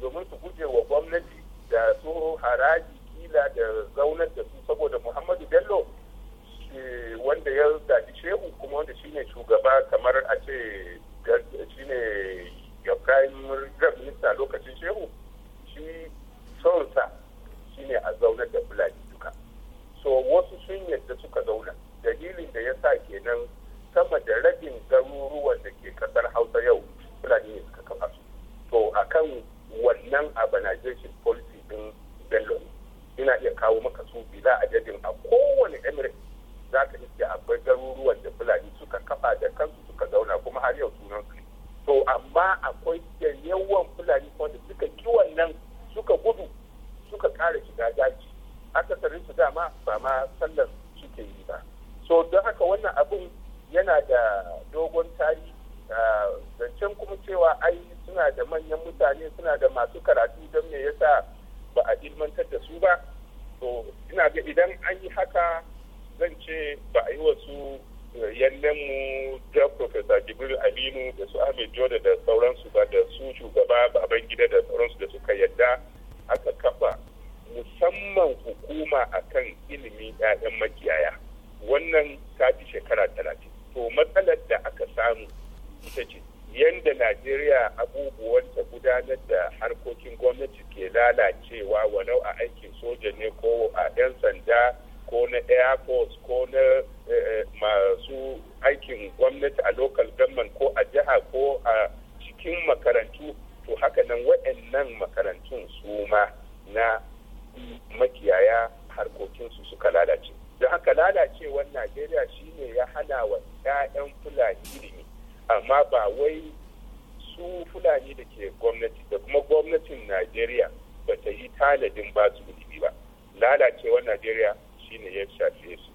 domin su guje wa gwamnati da su haraji kila da zaunar da su saboda muhammadu bello wanda ya zaɓi shehu kuma wanda shine shugaba kamar a ce shine ya prime minister lokacin shehu shi son sa ne a zaunar da fulani duka so wasu sun yadda suka zauna dalilin da ya sa kenan sama da rabin garuruwan da ke kasar hausa yau fulani ne suka kafa su to a kan wannan urbanization policy din bello ina iya kawo maka su bila adadin a kowane emirate za ka iske akwai garuruwan da fulani suka kafa da kansu suka zauna kuma har yau sunan su to amma akwai da yawan fulani wanda suka ki wannan suka gudu suka ƙara shiga daji akasarin su dama ba ma sallar suke yi ba so don haka wannan abun yana da dogon tari zancen kuma cewa ai suna da manyan mutane suna da masu karatu don me yasa ba a ilmantar da su ba to ina ga idan an yi haka zan ce ba a yi wasu yannan mu da profesa Jibril Aminu da su Ahmed Jordan da sauransu ba da su shugaba baban gida da sauransu da suka yadda aka kafa musamman hukuma akan ilimin 'ya'yan makiyaya wannan ta fi shekara talatin to matsalar da aka samu ita ce yadda najeriya abubuwan ta gudanar da harkokin gwamnati ke lalacewa walau a aikin soja ne ko a 'yan sanda ko na air ko na Eh, eh, masu aikin gwamnati a lokal government ko a jiha ko a cikin makarantu to haka nan waɗannan makarantun su ma na makiyaya harkokinsu suka lalace don haka lalacewar najeriya shine ya hana wa 'ya'yan fulani ilimi amma ba wai su fulani da ke gwamnati da kuma gwamnatin najeriya ba ta yi taladin ba su ilimi ba lalacewar najeriya shine ya shafe su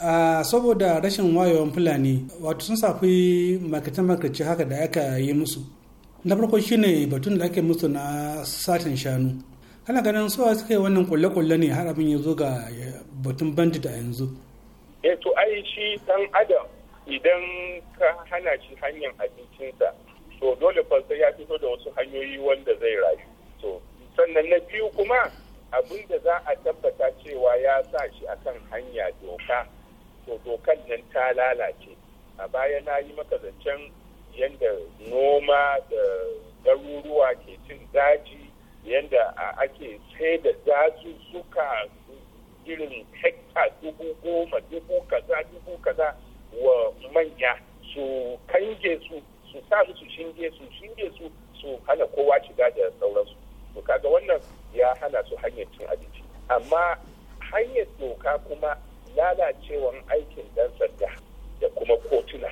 a saboda rashin wayewan fulani wato sun safi makita makarci haka da aka yi musu na farko shine batun da ake musu na satin shanu kana ganin suwa suka yi wannan kulle-kulle ne har abin ya zo ga batun bandit a yanzu eh to ai shi dan adam idan ka hana shi hanyar abincinsa to dole fa ya fito da wasu hanyoyi wanda zai rayu to sannan na biyu kuma abin da za a tabbata cewa ya sa shi akan hanya doka to dokan nan ta lalace a baya na yi maka zancen yadda noma da garuruwa ke cin daji yadda ake sai da suka irin hekta dubu goma dubu kaza dubu kaza wa manya su kange su su sa musu shinge su shinge su su hana kowa shiga da sauransu to kaga wannan ya hana su hanyar cin abinci amma hanyar doka kuma lalacewan aikin dan sanda da kuma kotuna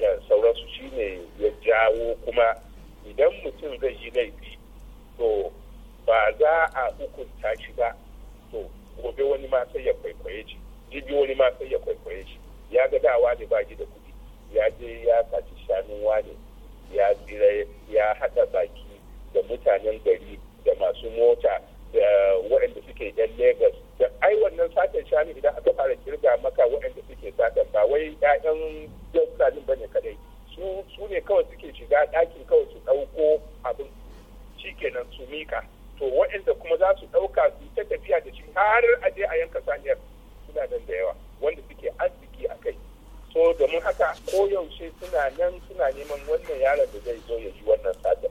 da sauransu shine ya jawo kuma idan mutum zai yi laifi to ba za a hukunta shi ba to gobe wani ma sai ya kwaikwaye shi jibi wani ma sai ya kwaikwaye shi ya ga dawa ne ba da kuɗi ya je ya saci shanun wane ya tsira ya haɗa baki da mutanen gari da masu mota da waɗanda suke yan Legas da ai wannan satan shanu idan aka fara kirga maka waɗanda suke satan ba wai ƴaƴan yau bane kadai su su ne kawai suke shiga ɗakin kawai su ɗauko abin kenan su mika to waɗanda kuma za su ɗauka su ta tafiya da shi har a je a yanka saniyar suna nan da yawa wanda suke arziki a kai so domin haka koyaushe suna nan suna neman wannan yaron da zai zo ya yi wannan satan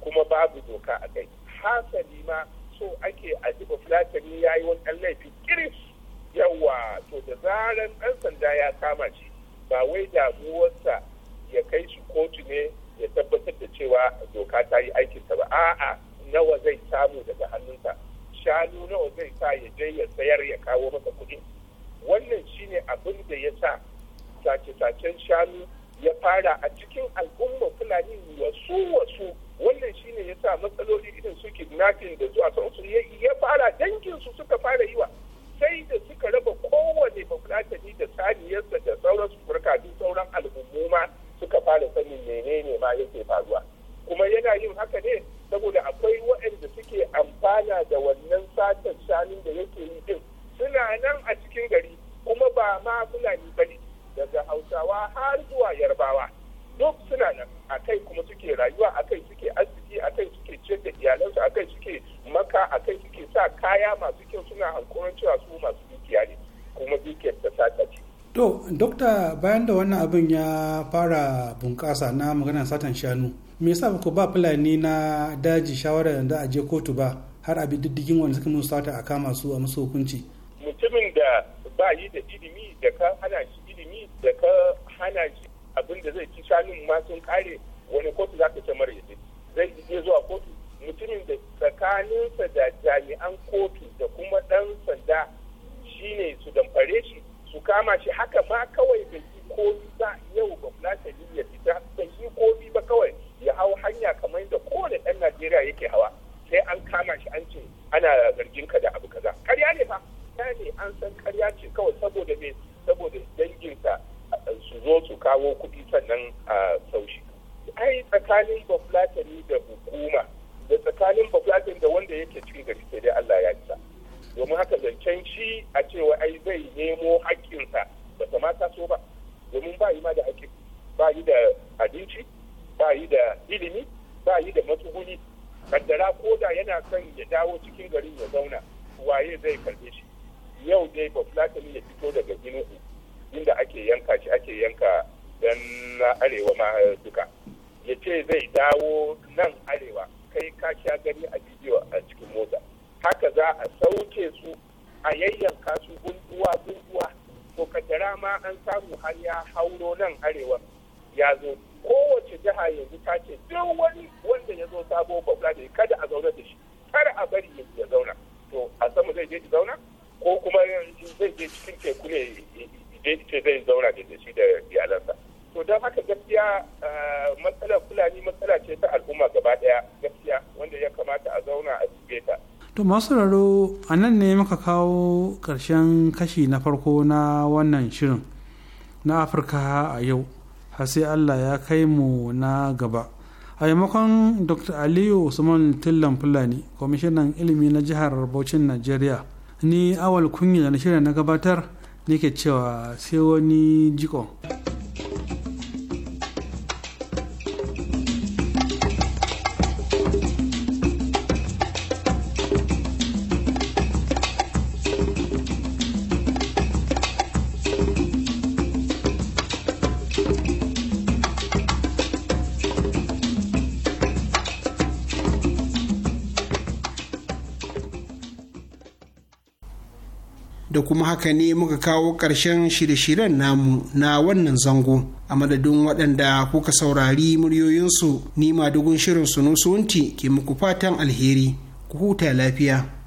kuma babu doka a kai hasali ma so ake a ji fulatani ya yi wani ɗan laifi kiris yawa to da zaran ɗan sanda ya kama shi ba wai damuwarsa ya kai shi kotu ne ya tabbatar da cewa doka ta yi aikin ta ba a'a nawa zai samu daga hannunsa shanu nawa zai sa ya je ya sayar ya kawo masa kuɗi wannan shine abin da ya sa sace-sacen shanu ya fara a cikin al'ummar fulani wasu wasu wannan shine ya sa matsaloli irin su kidnapping da zuwa sauransu ya fara su suka fara yiwa sai da suka raba kowane bafulatani da saniyarsa da sauran furkatun sauran al'ummuma suka fara sanin menene ma yake faruwa kuma yana yin haka ne saboda akwai waɗanda suke amfana da wannan satan shanun da yake yi din suna nan a cikin gari kuma ba ma fulani bane daga hausawa har zuwa yarbawa duk suna nan a kai kuma suke rayuwa a kai suke arziki a kai suke ciyar da iyalansu a kai suke maka a kai suke sa kaya masu kyau suna hankoron cewa su masu dukiya ne kuma dukiyar ta sata ce. to dokta bayan da wannan abin ya fara bunƙasa na maganar satan shanu me yasa ba ku ba fulani na daji shawarar da a je kotu ba har a bi diddigin wanda suka musu sata a kama su a musu hukunci. mutumin da ba yi da ilimi da ka hana shi ilimi da ka hana shi abin da zai ci shanun ma sun kare wani kotu za ta samar ya zai je zuwa kotu mutumin da tsakaninsa da jami'an kotu da kuma ɗan sanda shine su damfare shi su kama shi haka ma kawai bai yi komi ba yau ba fulashani ya fita bai yi komi ba kawai ya hau hanya kamar da kowane ɗan najeriya yake hawa sai an kama shi an ce ana zargin ka da abu kaza karya ne fa ne an san karya ce kawai saboda me saboda danginsa su zo su kawo kuɗi sannan a saushi ai tsakanin bafulatani da hukuma da tsakanin bafulatani da wanda yake cikin gari sai dai Allah ya isa domin haka zancen shi a cewa ai zai nemo haƙƙinsa ba ta mata so ba domin ba yi ma da haƙƙi ba yi da abinci ba yi da ilimi ba yi da matsuguni kaddara ko da yana son ya dawo cikin garin ya zauna waye zai karbe shi yau dai bafulatani ya fito daga ginin inda ake yanka shi ake yanka dan arewa ma duka ya ce zai dawo nan arewa kai ka sha gani a bidiyo a cikin mota haka za a sauke su a yayyanka su gunduwa gunduwa to kaddara ma an samu har ya hauro nan arewa ya zo kowace jiha yanzu ta ce duk wani wanda ya zo sabo babla da kada a zauna da shi kar a bari ya zauna to a sama zai je ki zauna ko kuma zai je cikin teku ne ce zai zauna da shi da iyalansa to don haka gaskiya matsalar fulani matsala ce ta al'umma gaba daya gaskiya wanda ya kamata a zauna a cike ta to masu raro a nan ne muka kawo karshen kashi na farko na wannan shirin na afirka a yau har sai allah ya kai mu na gaba a yamakon dr aliyu usman tillan fulani kwamishinan ilimi na jihar bauchin najeriya ni awal kunya na shirin na gabatar nake cewa sai wani jikon haka ne muka kawo ƙarshen shirye-shiryen namu na wannan zango. a madadin waɗanda kuka saurari muryoyinsu ni madugun shirin sunusunti ke muku fatan alheri ku huta lafiya